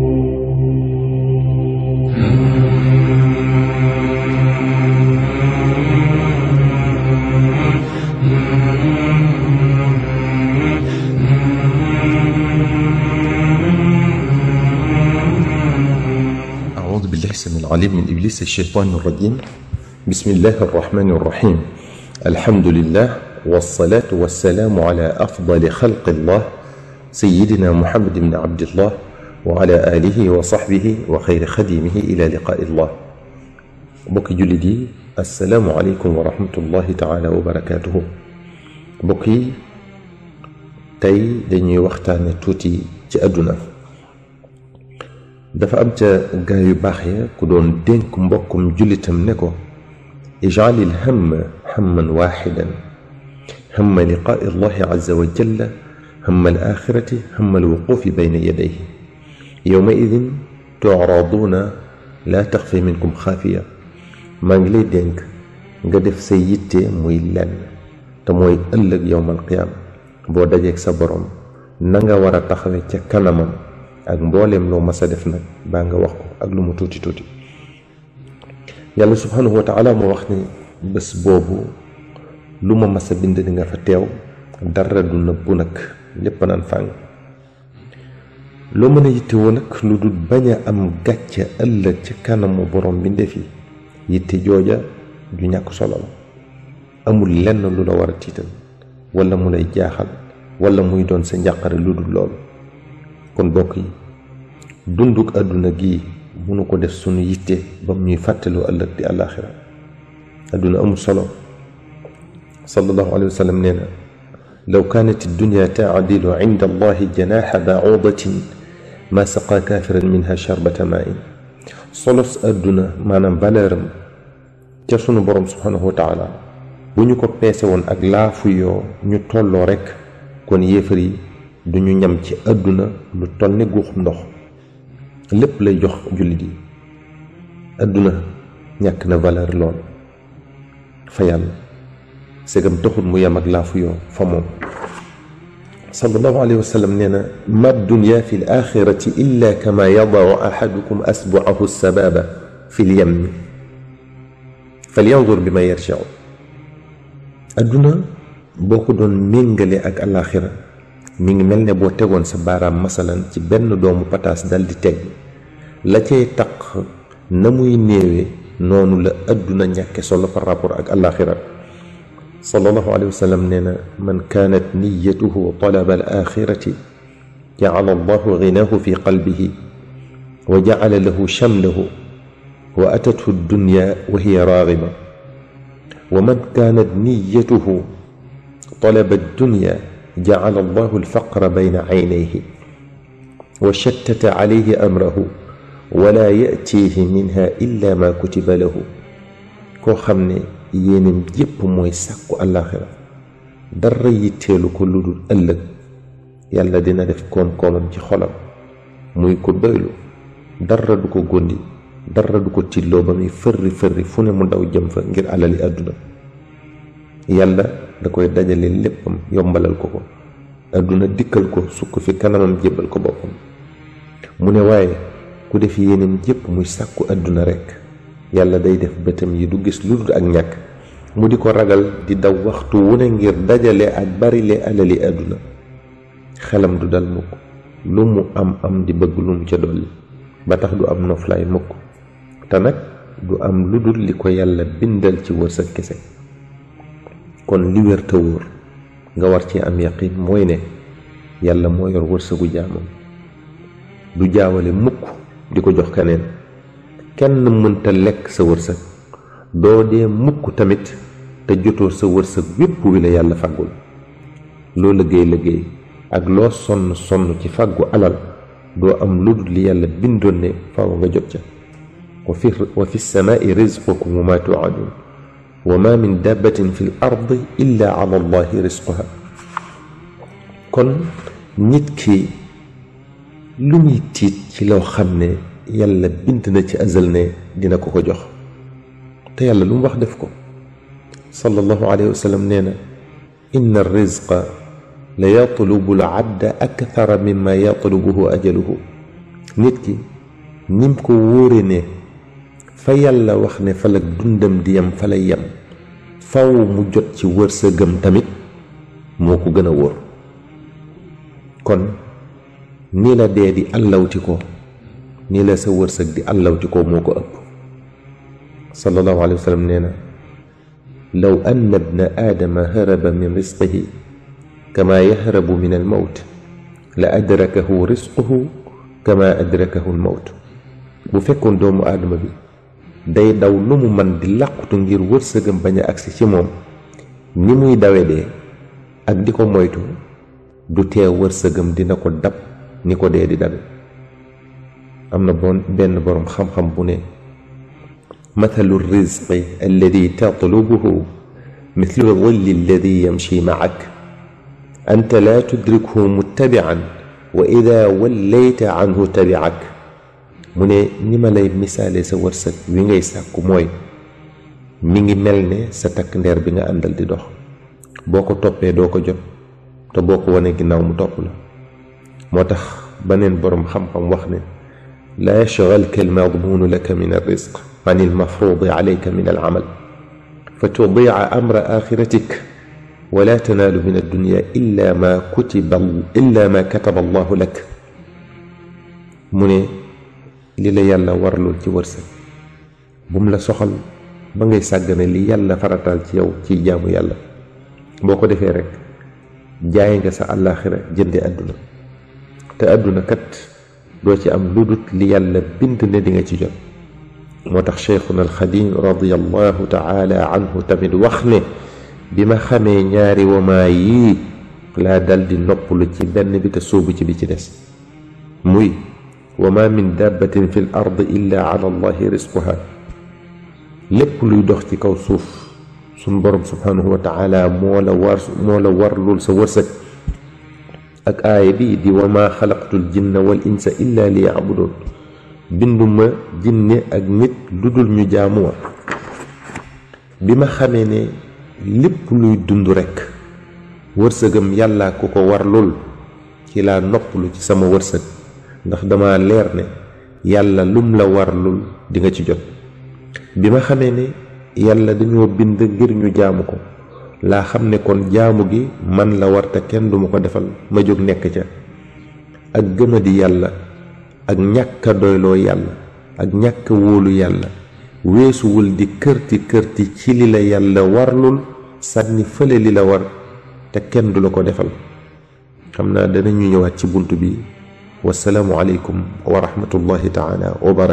أعوذ بالله السميع العليم من إبليس الشيطان الرجيم بسم الله الرحمن الرحيم الحمد لله والصلاة والسلام على أفضل خلق الله سيدنا محمد بن عبد الله وعلى آله وصحبه وخير خديمه إلى لقاء الله بوكي جلدي السلام عليكم ورحمة الله تعالى وبركاته بوكي تاي ديني وقتا توتي جأدنا دفع أمتا قاي باخي كدون دينكم بكم جلتم نكو اجعل الهم هما واحدا هم لقاء الله عز وجل هم الآخرة هم الوقوف بين يديه يومئذ تعرضون لا تخفي منكم خافية مانجلي دينك قد سيدت مويلا تموي ألق يوم القيامة بوداجيك صبرهم نانغا ورا تخفي تكلم أك بوليم نو مسادفنا بانغا وقو أقلو متوتي توتي يالله سبحانه وتعالى موخني بس بوبو لما مسا بندنغا فتاو دردو نبونك لبنان فانغ loo mën a yittewoo nag lu dul bañ a am gàcce ëllëg ci kanamu borom mbindeef yi yitte jooja ju ñàkk solo la amul lenn lu la war a tiital wala mu lay jaaxal wala muy doon sa njàqare lu dul loolu kon bokk yi dunduk àdduna gi mënu ko def sunu yitte ba ñuy fàttaloo ëllëg di àllaaxira àdduna amul solo sallallahu alayhi wa sallam nee na law kaanat ad-dunya taadilu inda allahi janaaxa ba'udatin ما سقى كافر منها شربة ماء solos àdduna maanaam valeur am ca sunu borom subhanahu wa taala bu ñu ko peese woon ak laafu yoo ñu tolloo rekk kon yéefar yi du ñu ñam ci àdduna lu toll ni guuxum ndox lépp lay jox jullit yi àdduna ñàkk na valeur lool fa yàlla segam taxul mu yem ak laafu yoo fa moom صلى الله عليه وسلم لنا ما الدنيا في الآخرة إلا كما يضع أحدكم أسبعه السباب في اليم فلينظر بما يرجع الدنيا بوكدون مينغلي أك الآخرة مين ملنا بوتغون سبارا مثلا تبنو دوم بطاس دال دي لكي تق نموي نيوي نونو لأدنا نيكي صلى فرابور أك الآخرة الآخرة صلى الله عليه وسلم لنا من كانت نيته طلب الآخرة جعل الله غناه في قلبه وجعل له شمله وأتته الدنيا وهي راغمة ومن كانت نيته طلب الدنيا جعل الله الفقر بين عينيه وشتت عليه أمره ولا يأتيه منها إلا ما كتب له كو خمني yéeneem jépp mooy sàkku àllaaxira dara yitteelu ko lu dul ëllëg yàlla dina def koom-koomam ci xolam muy ko doylu dara du ko gondi dara du ko tiitloo ba muy fërri fërri fu ne mu daw jëm fa ngir alali àdduna yàlla da koy dajale léppam yombalal ko ko àdduna dikkal ko sukk fi kanamam jébbal ko boppam mu ne waaye ku def yéeneem jépp muy sàkku àdduna rekk yàlla day def bëtam yi du gis lu ak ñàkk mu di ko ragal di daw waxtu wu ngir dajale ak barile alali aduna xelam du dal mukk lu mu am am di bëgg lu mu ca dolli ba tax du am noflaay mukk te nag du am lu dul li ko yàlla bindal ci wërsëg kese kon li wér te wóor nga war ci am yaqin mooy ne yàlla moo yor wërsëgu jaamam du jaawale mukk di ko jox keneen kenn mënta lekk sa wërsëg doo dee mukk tamit te jotoo sa wërsëg wépp wi la yàlla fàggul loo liggéey liggéey ak loo sonn sonn ci fàggu alal doo am lu dul li yàlla bindoon ne faaw nga jot ca wa fi wa fi samaai rizqukum wa ma tuadun wa ma min dabbatin fi l ardi illa ala allahi risquha kon nit ki lu muy tiit ci loo xam ne yàlla bind na ci azal ne dina ko ko jox te yàlla lu mu wax def ko sallallahu alayhi wa sallam nee na inna arrisqa la yatlubu al abda akthara mimma yatlubuhu ajaluhu nit ki nim ko wóore ne fa yàlla wax ne fa la dundam di yem fa la yem faw mu jot ci wërsëgam tamit moo ko gën a wóor kon ni la dee di àllawti ko nii la sa wërsëg di àllawtikoo moo ko ëpp sallallahu alayhi wa sallam nee na law anna bna aadama haraba min risqihi kama yahrabu min al mawt la adrakahu risquhu kama adrakahu al mawt bu fekkoon doomu aadama bi day daw lu mu man di làqutu ngir wërsëgam bañ a agsi ci moom ni muy dawe dee ak di ko moytu du tee wërsëgam dina ko dab ni ko dee di dabe أما بون بين برم خم خم بوني مثل الرزق الذي تطلبه مثل الظل الذي يمشي معك أنت لا تدركه متبعا وإذا وليت عنه تبعك مني نما لي مثال سورسك بيني ساكو موي ميني ملني ستاك نير بيني أندل دي دوخ بوكو توبي دوكو جو تبوكو واني كناو متوكو موتخ بنين برم خم خم وخني لا يشغلك المضمون لك من الرزق عن المفروض عليك من العمل فتضيع أمر آخرتك ولا تنال من الدنيا إلا ما كتب إلا ما كتب الله لك مني لي يلا ورل انت ورسل بوم لا سخال با ngay sagane li yalla faratal ci yow ci jamu yalla boko defé rek jaay nga sa alakhirah jëndé aduna te aduna kat do ci am lu li yàlla bind ne di nga ci jot moo tax cheikhuna alxadim radiallahu taala anhu tamit wax ne bi ma xamee ñaari wamaa yii laa dal di noppalu ci benn bi te sóobu ci bi ci des muy wa ma min dabbatin fi l ard illa ala allahi risquha lépp luy dox ci kaw suuf sun borom subhanahu wa taala moo la war moo la war lul sa wërsëg ak aaya bi di wa maa xalaqtul jinna wal insa illa li yaabudoon binduma jinne ak nit lu dul ñu jaamu ma bi ma xamee ne lépp luy dund rekk wërsëgam yàlla ku ko warlul lool ci laa noppalu ci sama wërsëg ndax dama leer ne yàlla lum la war lul di nga ci jot bi ma xamee ne yàlla dañoo bind ngir ñu jaamu ko laa xam ne kon jaamu gi man la war te kenn ma ko defal ma jóg nekk ca ak gëmadi yàlla ak ñàkk a doyloo yàlla ak ñàkk wóolu yàlla weesuwul di kërti kërti ci li la yàlla warlul sànni fële li la war te kenn du la ko defal xam naa danañu ñëwaat ci bunt bi wasalaamu aleykum wa rahmatullahi taala